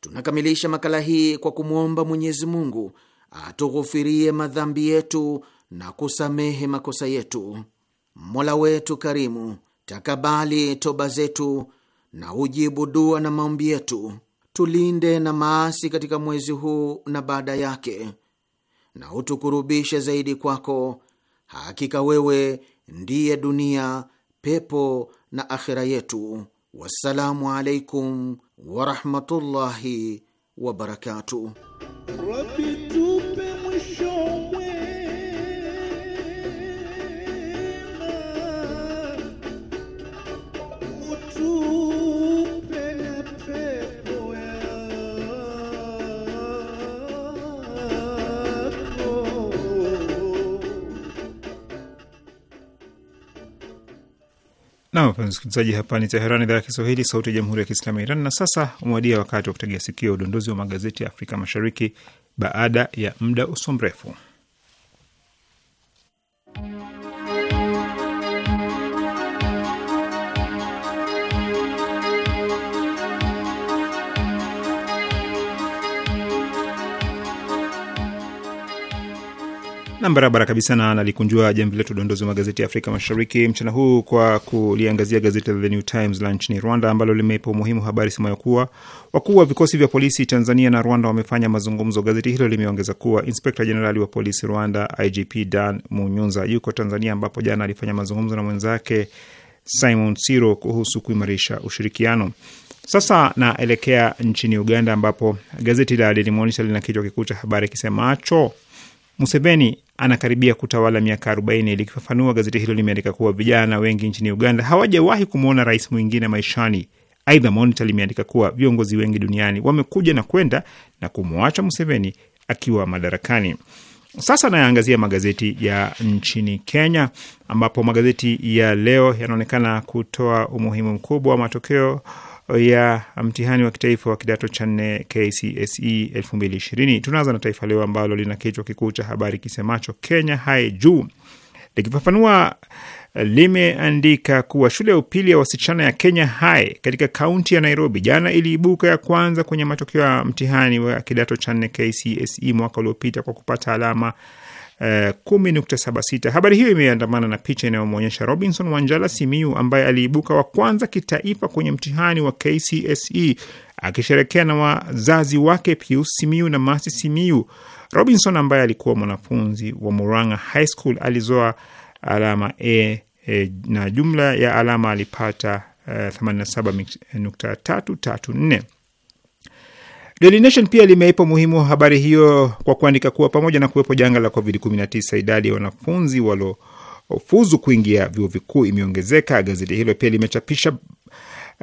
tunakamilisha makala hii kwa kumwomba Mwenyezi Mungu atughufirie madhambi yetu na kusamehe makosa yetu. Mola wetu karimu, takabali toba zetu na ujibu dua na maombi yetu. Tulinde na maasi katika mwezi huu na baada yake, na utukurubishe zaidi kwako. Hakika wewe ndiye dunia, pepo na akhira yetu. Wassalamu alaikum warahmatullahi wabarakatuh. Nam, wapenzi msikilizaji, hapa ni Teherani, idhaa ya Kiswahili, sauti ya jamhuri ya kiislamu ya Iran. Na sasa umewadia wakati wa kutegea sikio udondozi wa magazeti ya Afrika Mashariki baada ya muda usio mrefu. barabara kabisa, na nalikunjua jamvi letu dondozi wa magazeti ya Afrika Mashariki mchana huu kwa kuliangazia gazeti la The New Times la nchini Rwanda ambalo limeipa umuhimu habari sema ya kuwa wakuu wa vikosi vya polisi Tanzania na Rwanda wamefanya mazungumzo. Gazeti hilo limeongeza kuwa inspekta jenerali wa polisi Rwanda IGP Dan Munyunza yuko Tanzania, ambapo jana alifanya mazungumzo na mwenzake Simon Siro kuhusu kuimarisha ushirikiano. Sasa naelekea nchini Uganda ambapo gazeti la Daily Monitor lina kichwa kikuu cha habari kisemacho Museveni anakaribia kutawala miaka 40. Likifafanua, gazeti hilo limeandika kuwa vijana wengi nchini Uganda hawajawahi kumwona rais mwingine maishani. Aidha, Monitor limeandika kuwa viongozi wengi duniani wamekuja na kwenda na kumwacha Museveni akiwa madarakani. Sasa anayaangazia magazeti ya nchini Kenya, ambapo magazeti ya leo yanaonekana kutoa umuhimu mkubwa wa matokeo ya mtihani wa kitaifa wa kidato cha nne KCSE 2020. Tunaanza na Taifa Leo ambalo lina kichwa kikuu cha habari kisemacho Kenya hai juu. Likifafanua, limeandika kuwa shule ya upili ya wasichana ya Kenya hai katika kaunti ya Nairobi jana iliibuka ya kwanza kwenye matokeo ya mtihani wa kidato cha nne KCSE mwaka uliopita kwa kupata alama 10.76. Eh, Habari hiyo imeandamana na picha inayomwonyesha Robinson Wanjala simiu ambaye aliibuka wa kwanza kitaifa kwenye mtihani wa KCSE akisherekea na wazazi wake Pius simiu na Masi simiu Robinson ambaye alikuwa mwanafunzi wa Murang'a High School alizoa alama A, e, na jumla ya alama alipata uh, eh, 87.334. Daily Nation pia limeipa umuhimu habari hiyo kwa kuandika kuwa pamoja na kuwepo janga la COVID-19, idadi ya wanafunzi waliofuzu kuingia vyuo vikuu imeongezeka. Gazeti hilo pia limechapisha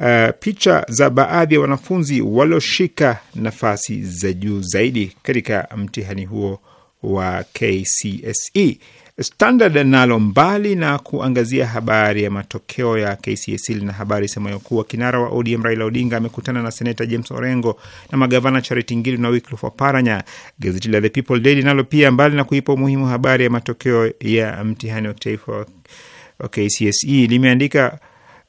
Uh, picha za baadhi ya wanafunzi walioshika nafasi za juu zaidi katika mtihani huo wa KCSE. Standard nalo mbali na kuangazia habari ya matokeo ya KCSE lina habari semayo kuwa kinara wa ODM Raila Odinga amekutana na seneta James Orengo na magavana Charity Ngilu na Wycliffe Oparanya. Gazeti la The People Daily nalo pia mbali na kuipa umuhimu habari ya matokeo ya mtihani wa kitaifa wa KCSE limeandika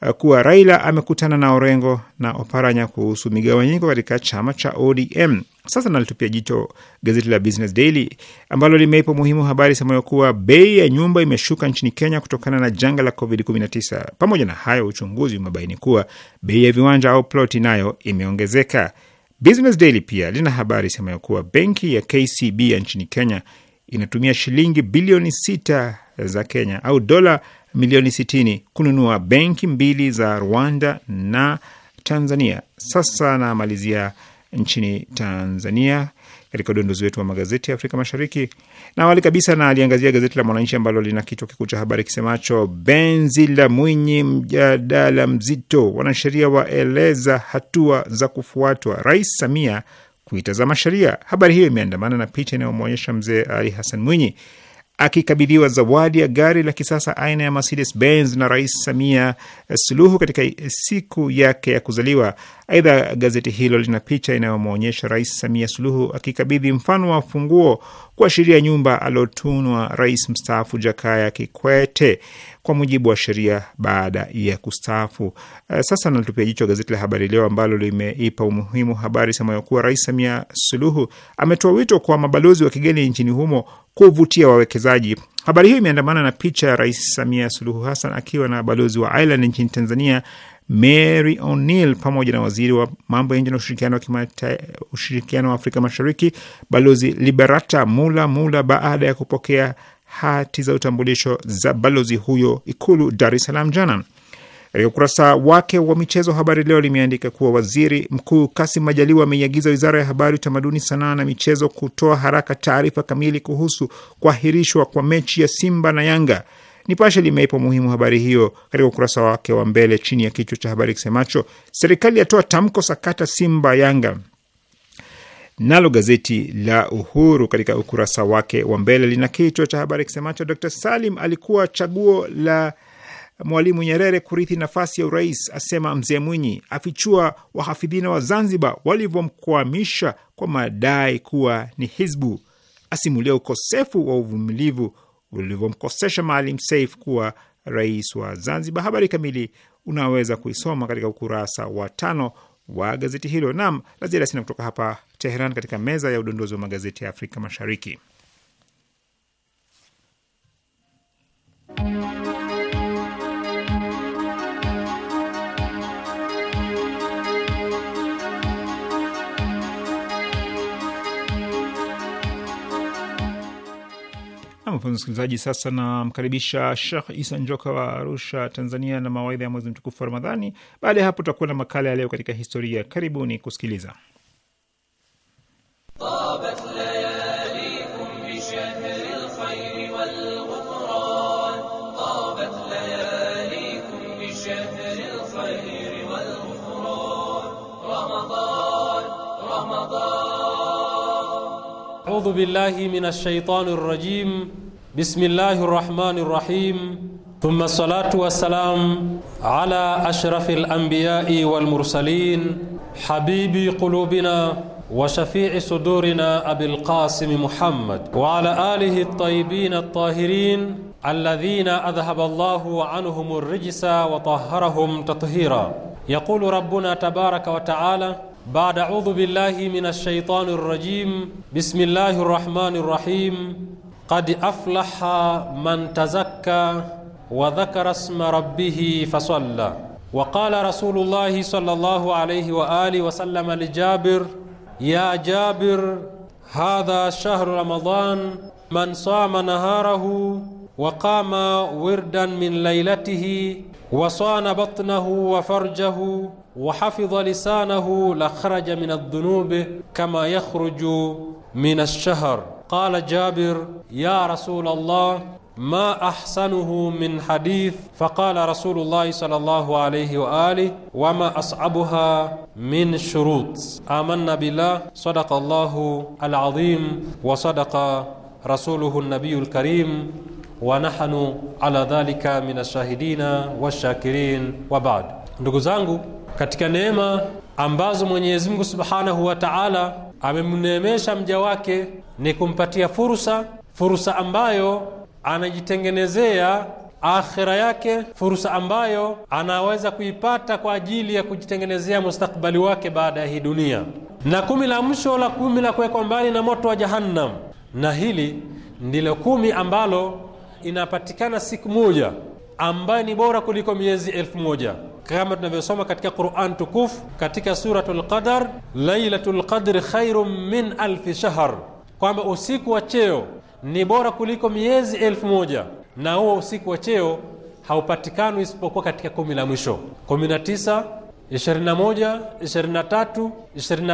Eh, kuwa Raila amekutana na Orengo na Oparanya kuhusu migawanyiko katika chama cha ODM. Sasa nalitupia jicho gazeti la Business Daily ambalo limeipa muhimu habari semayo kuwa bei ya nyumba imeshuka nchini Kenya kutokana na janga la COVID-19. Pamoja na hayo, uchunguzi umebaini kuwa bei ya viwanja au ploti nayo imeongezeka. Business Daily pia lina habari semayo kuwa benki ya KCB ya nchini Kenya inatumia shilingi bilioni sita za Kenya au dola milioni 60 kununua benki mbili za Rwanda na Tanzania. Sasa namalizia nchini Tanzania katika udondozi wetu wa magazeti ya Afrika Mashariki, na awali kabisa na aliangazia gazeti la Mwananchi ambalo lina kichwa kikuu cha habari kisemacho benzi la Mwinyi, mjadala mzito, wanasheria waeleza hatua za kufuatwa, Rais Samia kuitazama sheria. Habari hiyo imeandamana na picha inayomwonyesha mzee Ali Hassan Mwinyi akikabidhiwa zawadi ya gari la kisasa aina ya Mercedes Benz na Rais Samia eh, Suluhu katika eh, siku yake ya kuzaliwa. Aidha, gazeti hilo lina picha inayomwonyesha Rais Samia Suluhu akikabidhi mfano wa funguo kuashiria nyumba aliotunwa rais mstaafu Jakaya Kikwete kwa mujibu wa sheria baada ya kustaafu. Eh, sasa nalitupia jicho gazeti la Habari Leo ambalo limeipa umuhimu habari semayo kuwa Rais Samia Suluhu ametoa wito kwa mabalozi wa kigeni nchini humo kuvutia wawekezaji. Habari hiyo imeandamana na picha ya Rais Samia Suluhu Hassan akiwa na balozi wa Ireland nchini Tanzania Mary O'Neil pamoja na waziri wa mambo ya nje na ushirikiano wa ushirikiano wa Afrika Mashariki Balozi Liberata Mula Mula baada ya kupokea hati za utambulisho za balozi huyo Ikulu Dar es Salaam jana. Katika ukurasa wake wa michezo, Habari Leo limeandika kuwa waziri mkuu Kasim Majaliwa ameiagiza wizara ya Habari, Utamaduni, Sanaa na Michezo kutoa haraka taarifa kamili kuhusu kuahirishwa kwa mechi ya Simba na Yanga Nipashe limeipa umuhimu habari hiyo katika ukurasa wake wa mbele chini ya kichwa cha habari kisemacho serikali yatoa tamko sakata Simba Yanga. Nalo gazeti la Uhuru katika ukurasa wake wa mbele lina kichwa cha habari kisemacho Dr Salim alikuwa chaguo la Mwalimu Nyerere kurithi nafasi ya urais, asema Mzee Mwinyi, afichua wahafidhina wa Zanzibar walivyomkwamisha kwa madai kuwa ni Hizbu, asimulia ukosefu wa uvumilivu ulivyomkosesha Maalim Seif kuwa rais wa Zanzibar. Habari kamili unaweza kuisoma katika ukurasa wa tano wa gazeti hilo. Naam, la ziada sina kutoka hapa Teheran, katika meza ya udondozi wa magazeti ya Afrika Mashariki. Mpenzi msikilizaji, sasa namkaribisha Shekh Isa Njoka wa Arusha, Tanzania, na mawaidha ya mwezi mtukufu wa Ramadhani. Baada ya hapo, tutakuwa na makala ya leo katika historia. Karibuni kusikiliza. أعوذ بالله من الشيطان الرجيم بسم الله الرحمن الرحيم ثم الصلاة والسلام على أشرف الأنبياء والمرسلين حبيب قلوبنا وشفيع صدورنا أبي القاسم محمد وعلى آله الطيبين الطاهرين الذين أذهب الله عنهم الرجس وطهرهم تطهيرا يقول ربنا تبارك وتعالى بعد أعوذ بالله من الشيطان الرجيم بسم الله الرحمن الرحيم قد أفلح من تزكى وذكر اسم ربه فصلى وقال رسول الله صلى الله عليه وآله وسلم لجابر يا جابر هذا شهر رمضان من صام نهاره وقام وردا من ليلته وصان بطنه وفرجه وحفظ لسانه لخرج من الذنوب كما يخرج من الشهر قال جابر يا رسول الله ما احسنه من حديث فقال رسول الله صلى الله عليه واله وما اصعبها من شروط امنا بالله صدق الله العظيم وصدق رسوله النبي الكريم wanahnu ala dhalika min ashahidina washakirin wa baad. Ndugu zangu, katika neema ambazo Mwenyezi Mungu subhanahu wa taala amemneemesha mja wake ni kumpatia fursa, fursa ambayo anajitengenezea akhira yake, fursa ambayo anaweza kuipata kwa ajili ya kujitengenezea mustakbali wake baada ya hii dunia, na kumi la msho la kumi la kuwekwa mbali na moto wa Jahannam, na hili ndilo kumi ambalo inapatikana siku moja ambayo ni bora kuliko miezi elfu moja kama tunavyosoma katika Quran tukufu katika Suratu Lqadar, lailatu lqadri khairu min alfi shahr, kwamba usiku wa cheo ni bora kuliko miezi elfu moja na huo usiku wa cheo haupatikani isipokuwa katika kumi la mwisho na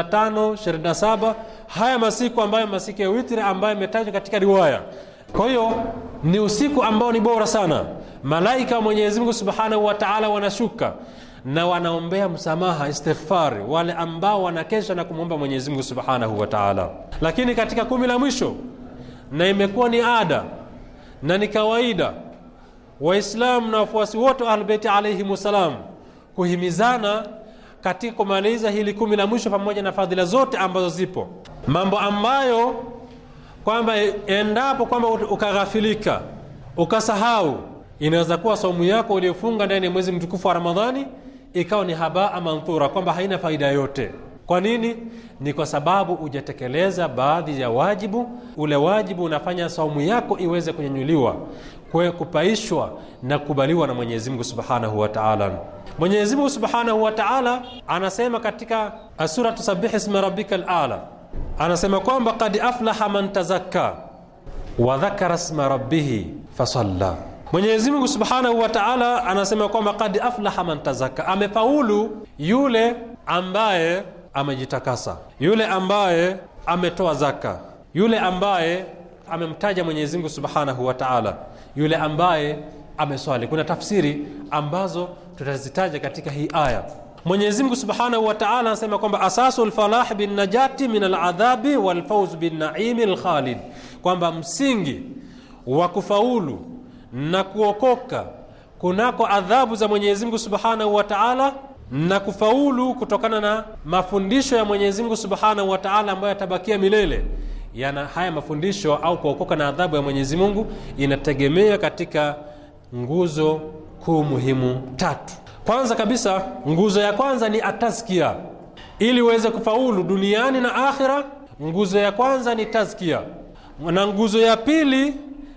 tano, ishirini na saba. haya masiku ambayo masiku ya witri ambayo yametajwa katika riwaya. Kwa hiyo ni usiku ambao ni bora sana malaika wa mwenyezi subhanahu wataala wanashuka na wanaombea msamaha istighfari wale ambao wanakesha na kumwomba mwenyezi subhanahu wataala lakini katika kumi la mwisho na imekuwa ni ada na ni kawaida waislamu na wafuasi wote wa ahlbeiti alaihim wassalam kuhimizana katika kumaliza hili kumi la mwisho pamoja na fadhila zote ambazo zipo mambo ambayo kwamba endapo kwamba ukaghafilika ukasahau, inaweza kuwa saumu yako uliyofunga ndani ya mwezi mtukufu wa Ramadhani ikawa ni habaa mandhura kwamba haina faida yote. Kwa nini? Ni kwa sababu hujatekeleza baadhi ya wajibu. Ule wajibu unafanya saumu yako iweze kunyanyuliwa, kwe kupaishwa na kukubaliwa na Mwenyezi Mungu Subhanahu wa Ta'ala. Mwenyezi Mungu Subhanahu wa Ta'ala anasema katika uh, suratu sabihi sma rabbikal a'la anasema kwamba kad aflaha man tazakka wa dhakara sma rabbihi fasalla. Mwenyezi Mungu subhanahu wa taala anasema kwamba kad aflaha man tazakka, amefaulu yule ambaye amejitakasa, yule ambaye ametoa zaka, yule ambaye amemtaja Mwenyezi Mungu subhanahu wa taala, yule ambaye ameswali. Kuna tafsiri ambazo tutazitaja katika hii aya. Mwenyezi Mungu Subhanahu wa Ta'ala anasema kwamba asasu falah bin najati min aladhabi wal fawz bin naimi al kwamba msingi wa kufaulu na kuokoka kunako adhabu za Mwenyezi Mungu Subhanahu wa Ta'ala na kufaulu kutokana na mafundisho ya Mwenyezi Mungu Subhanahu wa Ta'ala ambayo yatabakia milele yana haya mafundisho au kuokoka na adhabu ya Mwenyezi Mungu inategemea katika nguzo kuu muhimu tatu kwanza kabisa nguzo ya kwanza ni ataskia ili uweze kufaulu duniani na akhira nguzo ya kwanza ni tazkia na nguzo ya pili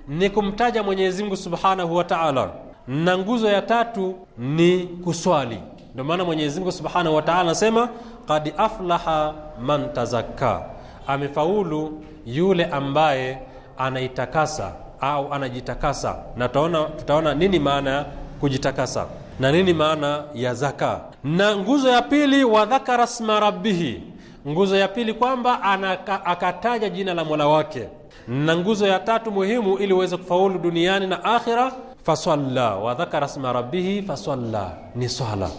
ni kumtaja mwenyezi mungu subhanahu wa taala na nguzo ya tatu ni kuswali ndio maana mwenyezi mungu subhanahu wa taala anasema kad aflaha man tazakka amefaulu yule ambaye anaitakasa au anajitakasa na tutaona, tutaona nini maana ya kujitakasa na nini maana ya zaka. Na nguzo ya pili, wa dhakara sma rabbihi, nguzo ya pili kwamba anaka, akataja jina la mola wake. Na nguzo ya tatu muhimu, ili uweze kufaulu duniani na akhira, fasalla wa dhakara sma rabbihi fasalla, ni swala.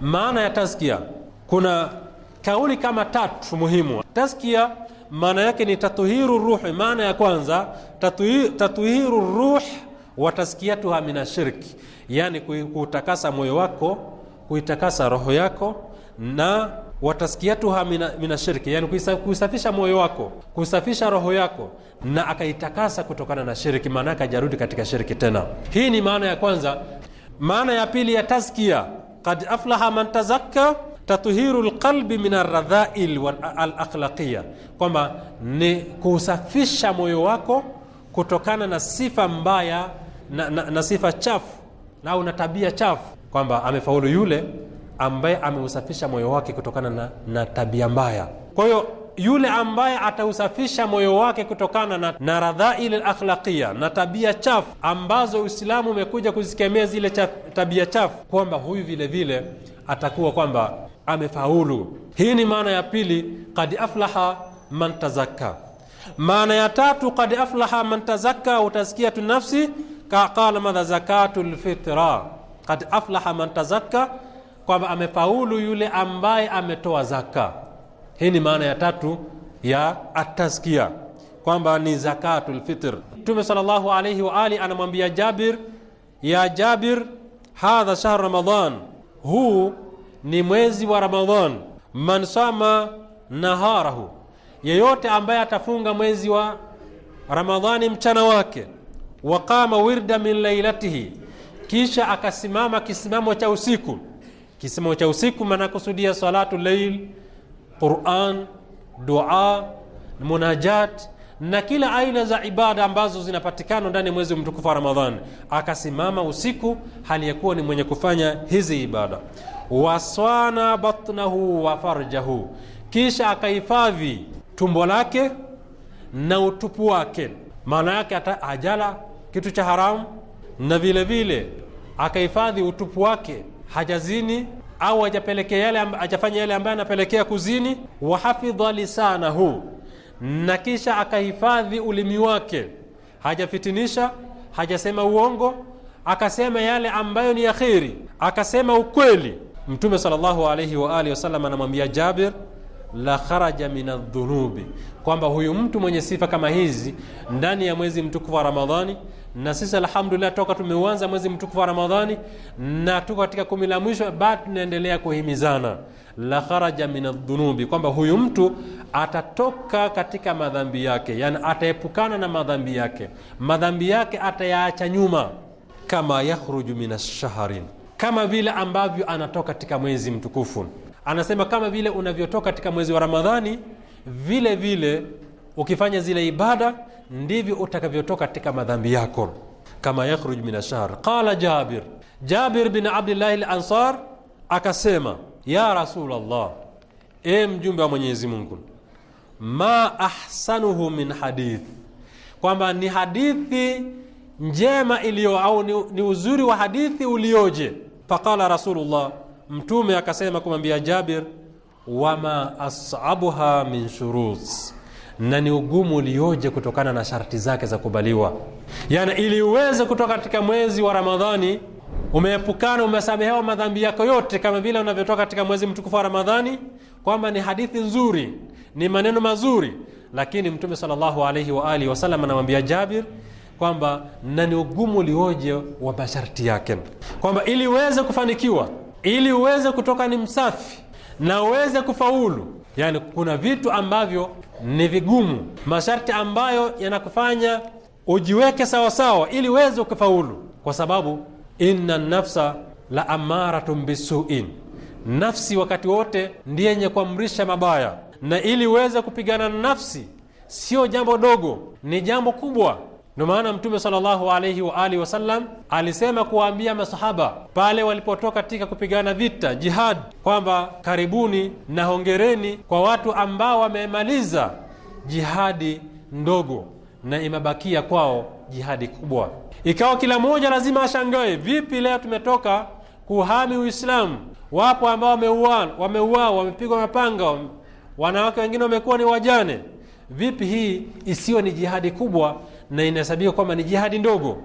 Maana ya tazkia, kuna kauli kama tatu muhimu. Tazkia maana yake ni tatuhiru ruhi. Maana ya kwanza tatuhiru ruh wa taskiyatuha min ashirki, yani kuutakasa moyo wako, kuitakasa roho yako na wataskiatuha mina shirki, yani kuisafisha moyo wako, kusafisha roho yako na akaitakasa kutokana na shirki, maana yake ajarudi katika shirki tena. Hii ni maana ya kwanza. Maana ya pili ya taskia, kad aflaha man tazakka tathiru lqalbi min aradhail alakhlaqiya, kwamba ni kusafisha moyo wako kutokana na sifa mbaya na, na, na sifa chafu na au na tabia chafu kwamba amefaulu yule ambaye ameusafisha moyo wake kutokana na, na tabia mbaya kwa hiyo yule ambaye atausafisha moyo wake kutokana na, na radhaili lakhlaqiya na tabia chafu ambazo uislamu umekuja kuzikemea zile chaf, tabia chafu kwamba huyu vile vile atakuwa kwamba amefaulu hii ni maana ya pili kad aflaha man tazakka maana ya tatu kad aflaha man tazakka tu nafsi qala madha zakatu lfitra kad aflaha man tazakka, kwamba amefaulu yule ambaye ametoa zaka. Hii ni maana ya tatu ya ataskia kwamba ni zakatu lfitr Mtume sallallahu alayhi wa ali anamwambia Jabir, ya Jabir, hadha shahr Ramadan, huu ni mwezi wa ramadan Man sama naharahu, yeyote ambaye atafunga mwezi wa Ramadhani mchana wake waqama wirda min lailatihi, kisha akasimama kisimamo cha usiku. Kisimamo cha usiku manakusudia salatu lail, Quran, dua, munajat na kila aina za ibada ambazo zinapatikana ndani ya mwezi mtukufu wa Ramadhani. Akasimama usiku hali ya kuwa ni mwenye kufanya hizi ibada. Waswana batnahu wa farjahu, kisha akahifadhi tumbo lake na utupu wake. Maana yake ajala kitu cha haramu, na vile vile akahifadhi utupu wake, hajazini au hajapelekea yale, hajafanya yale ambayo anapelekea kuzini. Wahafidha lisanahu, na kisha akahifadhi ulimi wake, hajafitinisha, hajasema uongo, akasema yale ambayo ni akhiri, akasema ukweli. Mtume sallallahu alayhi wa alihi wasallam anamwambia Jabir la kharaja min adhunubi, kwamba huyu mtu mwenye sifa kama hizi ndani ya mwezi mtukufu wa Ramadhani na sisi alhamdulillah toka tumeuanza mwezi mtukufu wa ramadhani na tuko katika kumi la mwisho bado tunaendelea kuhimizana la kharaja min adhunubi kwamba huyu mtu atatoka katika madhambi yake yani ataepukana na madhambi yake madhambi yake atayaacha nyuma kama yakhruju min ashahrin kama vile ambavyo anatoka katika mwezi mtukufu anasema kama vile unavyotoka katika mwezi wa ramadhani vile vile ukifanya zile ibada ndivyo utakavyotoka katika madhambi yako kama yakhruj min ashar qala jabir jabir bin al lansar akasema ya rasulllah e mjumbe wa mwenyezi mungu ma ahsanuhu min hadith kwamba ni hadithi njema iliyo au ni, ni uzuri wa hadithi ulioje faqala rasulullah mtume akasema kumwambia jabir wama asabuha min shurut na ni ugumu ulioje kutokana na sharti zake za kubaliwa Yani, ili uweze kutoka katika mwezi wa ramadhani umeepukana umesamehewa madhambi yako yote kama vile unavyotoka katika mwezi mtukufu wa ramadhani kwamba ni hadithi nzuri ni maneno mazuri lakini mtume salllahu alaihi alihi wasallam anamwambia jabir kwamba na ni ugumu ulioje wa masharti yake kwamba ili uweze kufanikiwa ili uweze kutoka ni msafi na uweze kufaulu yani kuna vitu ambavyo ni vigumu, masharti ambayo yanakufanya ujiweke sawasawa ili uweze ukafaulu, kwa sababu inna nafsa la amaratun bisuin, nafsi wakati wote ndiye yenye kuamrisha mabaya, na ili uweze kupigana na nafsi sio jambo dogo, ni jambo kubwa ndo maana Mtume salllahu alaihi wa wasallam alisema kuwaambia masahaba pale walipotoka katika kupigana vita jihad, kwamba karibuni na hongereni kwa watu ambao wamemaliza jihadi ndogo na imebakia kwao jihadi kubwa. Ikawa kila mmoja lazima ashangae, vipi leo tumetoka kuhami Uislamu? Wapo ambao wameuawa, wame wamepigwa mapanga, wanawake wengine wamekuwa ni wajane. Vipi hii isiwe ni jihadi kubwa na inahesabika kwamba ni jihadi ndogo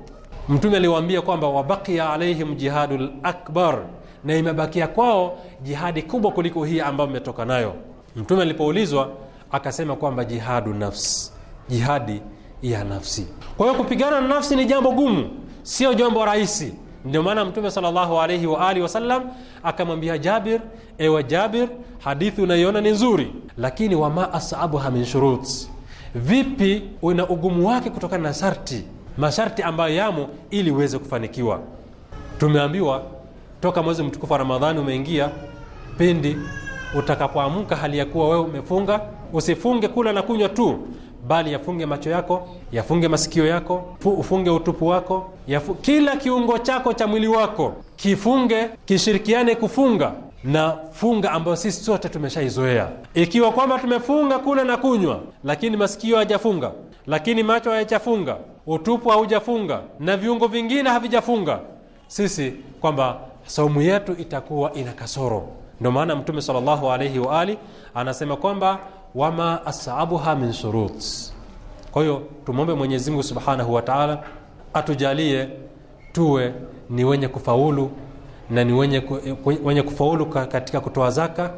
mtume aliwaambia kwamba wabakia alaihim jihadu lakbar na imebakia kwao jihadi kubwa kuliko hii ambayo mmetoka nayo mtume alipoulizwa akasema kwamba jihadu nafsi jihadi ya nafsi kwa hiyo kupigana na nafsi ni jambo gumu sio jambo rahisi ndio maana mtume salllahu alaihi wasallam akamwambia jabir ewe jabir hadithi unaiona ni nzuri lakini wama asabuha min shurut vipi, una ugumu wake kutokana na sharti, masharti ambayo yamo ili uweze kufanikiwa. Tumeambiwa toka mwezi mtukufu wa Ramadhani umeingia, pindi utakapoamka hali ya kuwa wewe umefunga, usifunge kula na kunywa tu, bali yafunge macho yako, yafunge masikio yako, ufunge utupu wako, yafu... kila kiungo chako cha mwili wako kifunge, kishirikiane kufunga na funga ambayo sisi sote tumeshaizoea, ikiwa kwamba tumefunga kula na kunywa, lakini masikio hayajafunga, lakini macho hayajafunga, utupu haujafunga, na viungo vingine havijafunga, sisi kwamba saumu yetu itakuwa ina kasoro. Ndio maana Mtume sallallahu alaihi wa ali anasema kwamba wama asabuha min shurut. Kwa hiyo tumwombe Mwenyezi Mungu subhanahu wa taala atujalie tuwe ni wenye kufaulu na ni wenye, ku, wenye kufaulu katika kutoa zaka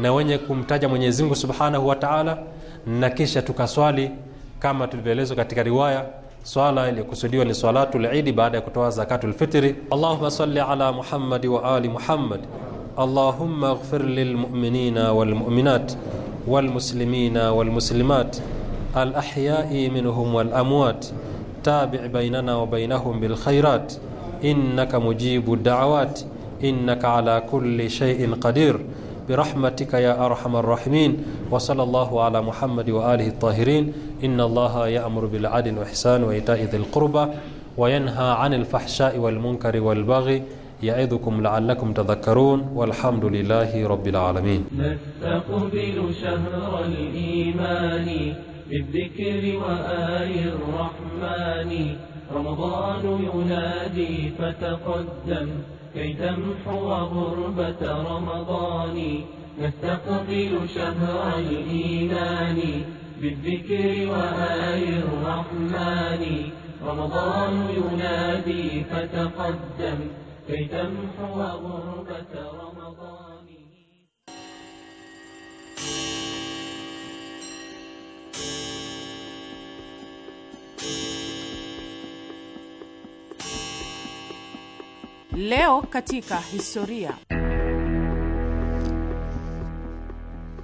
na wenye kumtaja mwenyezi mungu subhanahu wa taala na kisha tukaswali kama tulivyoelezwa katika riwaya swala iliyokusudiwa ni salatu lidi baada ya kutoa zakatu lfitri Allahumma salli ala Muhammad wa ali muhammad Allahumma ighfir muslimina wal muslimat al ahya'i minhum walamwat tabic bainana bil khairat إنك مجيب الدعوات إنك على كل شيء قدير برحمتك يا أرحم الراحمين وصلى الله على محمد وآله الطاهرين إن الله يأمر بالعدل والإحسان وإيتاء ذي القربى وينهى عن الفحشاء والمنكر والبغي يعظكم لعلكم تذكرون والحمد لله رب العالمين نستقبل شهر الإيمان بالذكر وآل الرحمن رمضان ينادي فتقدم كي تمحو غربة رمضان نستقبل شهر الإيمان بالذكر وآي الرحمن رمضان ينادي فتقدم كي تمحو غربة رمضان Thank you. Leo katika historia.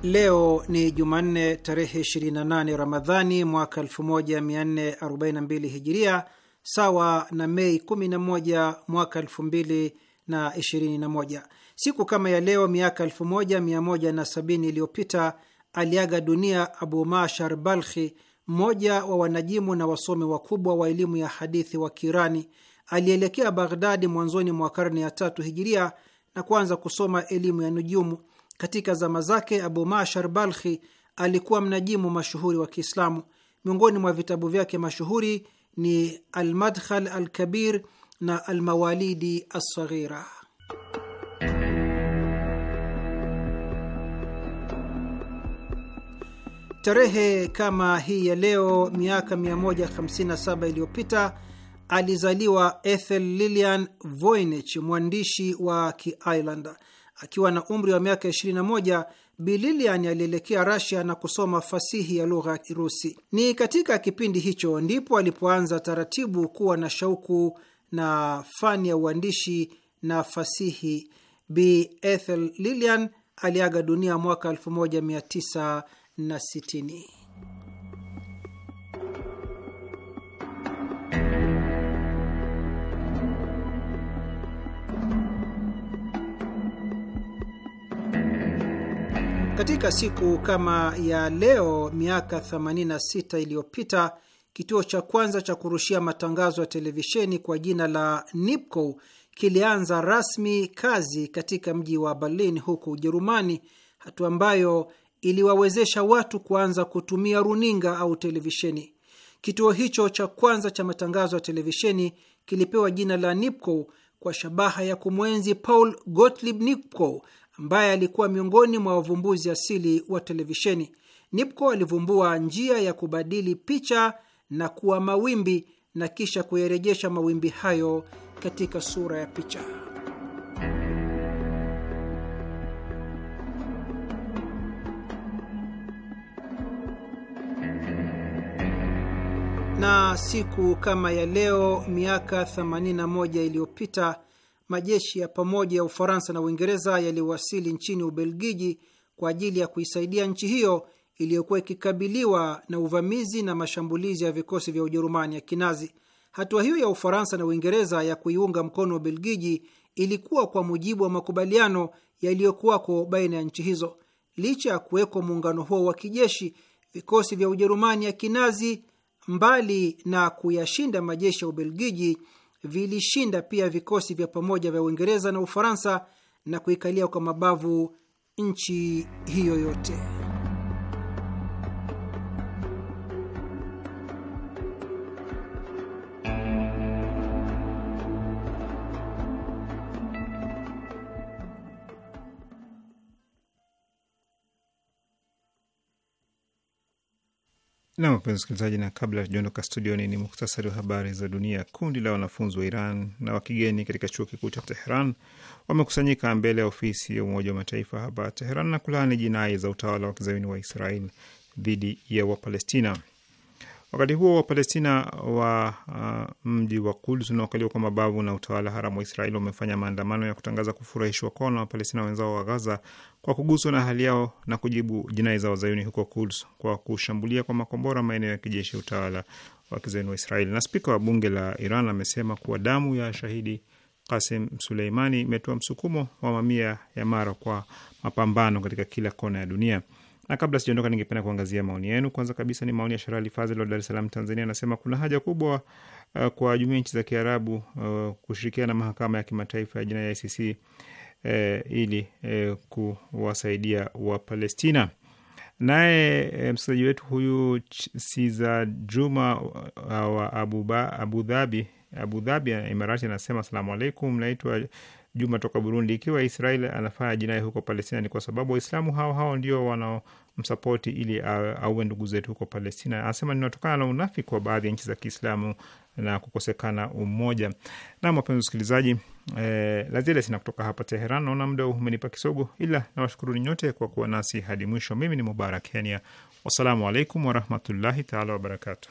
Leo ni Jumanne tarehe 28 Ramadhani mwaka 1442 Hijiria, sawa na Mei 11 mwaka 2021. Siku kama ya leo miaka 1170 iliyopita aliaga dunia Abu Mashar Balkhi, mmoja wa wanajimu na wasomi wakubwa wa elimu ya hadithi wa Kirani alielekea Baghdadi mwanzoni mwa karne ya tatu hijiria na kuanza kusoma elimu ya nujumu. Katika zama zake, Abu Mashar Balkhi alikuwa mnajimu mashuhuri wa Kiislamu. Miongoni mwa vitabu vyake mashuhuri ni Almadkhal Alkabir na Almawalidi Alsaghira. Tarehe kama hii ya leo miaka 157 iliyopita alizaliwa Ethel lilian Voynich, mwandishi wa Kiireland. Akiwa na umri wa miaka 21, Bi lilian alielekea Rasia na kusoma fasihi ya lugha ya Kirusi. Ni katika kipindi hicho ndipo alipoanza taratibu kuwa na shauku na fani ya uandishi na fasihi. Bi Ethel lilian aliaga dunia mwaka 1960. Katika siku kama ya leo miaka 86 iliyopita kituo cha kwanza cha kurushia matangazo ya televisheni kwa jina la nipco kilianza rasmi kazi katika mji wa Berlin huko Ujerumani, hatua ambayo iliwawezesha watu kuanza kutumia runinga au televisheni. Kituo hicho cha kwanza cha matangazo ya televisheni kilipewa jina la nipco kwa shabaha ya kumwenzi Paul Gottlieb Nipco ambaye alikuwa miongoni mwa wavumbuzi asili wa televisheni. Nipko alivumbua njia ya kubadili picha na kuwa mawimbi na kisha kuyarejesha mawimbi hayo katika sura ya picha. Na siku kama ya leo miaka 81 iliyopita majeshi ya pamoja ya Ufaransa na Uingereza yaliwasili nchini Ubelgiji kwa ajili ya kuisaidia nchi hiyo iliyokuwa ikikabiliwa na uvamizi na mashambulizi ya vikosi vya Ujerumani ya Kinazi. Hatua hiyo ya Ufaransa na Uingereza ya kuiunga mkono Ubelgiji ilikuwa kwa mujibu wa makubaliano yaliyokuwako baina ya nchi hizo. Licha ya kuwekwa muungano huo wa kijeshi, vikosi vya Ujerumani ya Kinazi, mbali na kuyashinda majeshi ya Ubelgiji, vilishinda pia vikosi vya pamoja vya Uingereza na Ufaransa na kuikalia kwa mabavu nchi hiyo yote. Na mpenzi msikilizaji, na kabla tujaondoka studioni, ni muktasari wa habari za dunia. Kundi la wanafunzi wa Iran na wa kigeni katika chuo kikuu cha Teheran wamekusanyika mbele ya ofisi ya Umoja wa Mataifa hapa Teheran na kulaani jinai za utawala wa kizayuni wa Israel dhidi ya Wapalestina. Wakati huo Wapalestina wa uh, mji wa Kuds unaokaliwa kwa mabavu na utawala haramu wa Israeli wamefanya maandamano ya kutangaza kufurahishwa kwao na Wapalestina wenzao wa Gaza kwa kuguswa na hali yao na kujibu jinai za wazayuni huko Kuds kwa kushambulia kwa makombora maeneo ya kijeshi ya utawala wa kizayuni wa Israeli. Na spika wa bunge la Iran amesema kuwa damu ya shahidi Kasim Suleimani imetoa msukumo wa mamia ya mara kwa mapambano katika kila kona ya dunia. Na kabla sijaondoka, ningependa kuangazia maoni yenu. Kwanza kabisa ni maoni ya Sharali Fadhil wa Dar es Salaam, Tanzania. Anasema kuna haja kubwa uh, kwa jumuiya nchi za Kiarabu uh, kushirikiana na mahakama ya kimataifa ya jinai ya ICC uh, ili uh, kuwasaidia Wapalestina. Naye eh, msikilizaji wetu huyu Siza Juma uh, wa Abu Dhabi, Abu Dhabi Imarati, anasema asalamu alaikum, naitwa Juma toka Burundi, ikiwa Israel anafanya jinai huko Palestina ni kwa sababu Waislamu hao hao ndio wanaomsapoti ili auwe ndugu zetu huko Palestina. Anasema linatokana na unafiki wa baadhi ya nchi za Kiislamu na kukosekana umoja. Naam, wapenzi wasikilizaji, eh, la sina kutoka hapa Teheran. Naona muda umenipa kisogo, ila nawashukuruni nyote kwa kuwa nasi hadi mwisho. Mimi ni Mubarak Kenya, wassalamu alaikum warahmatullahi taala wabarakatuh.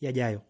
yajayo.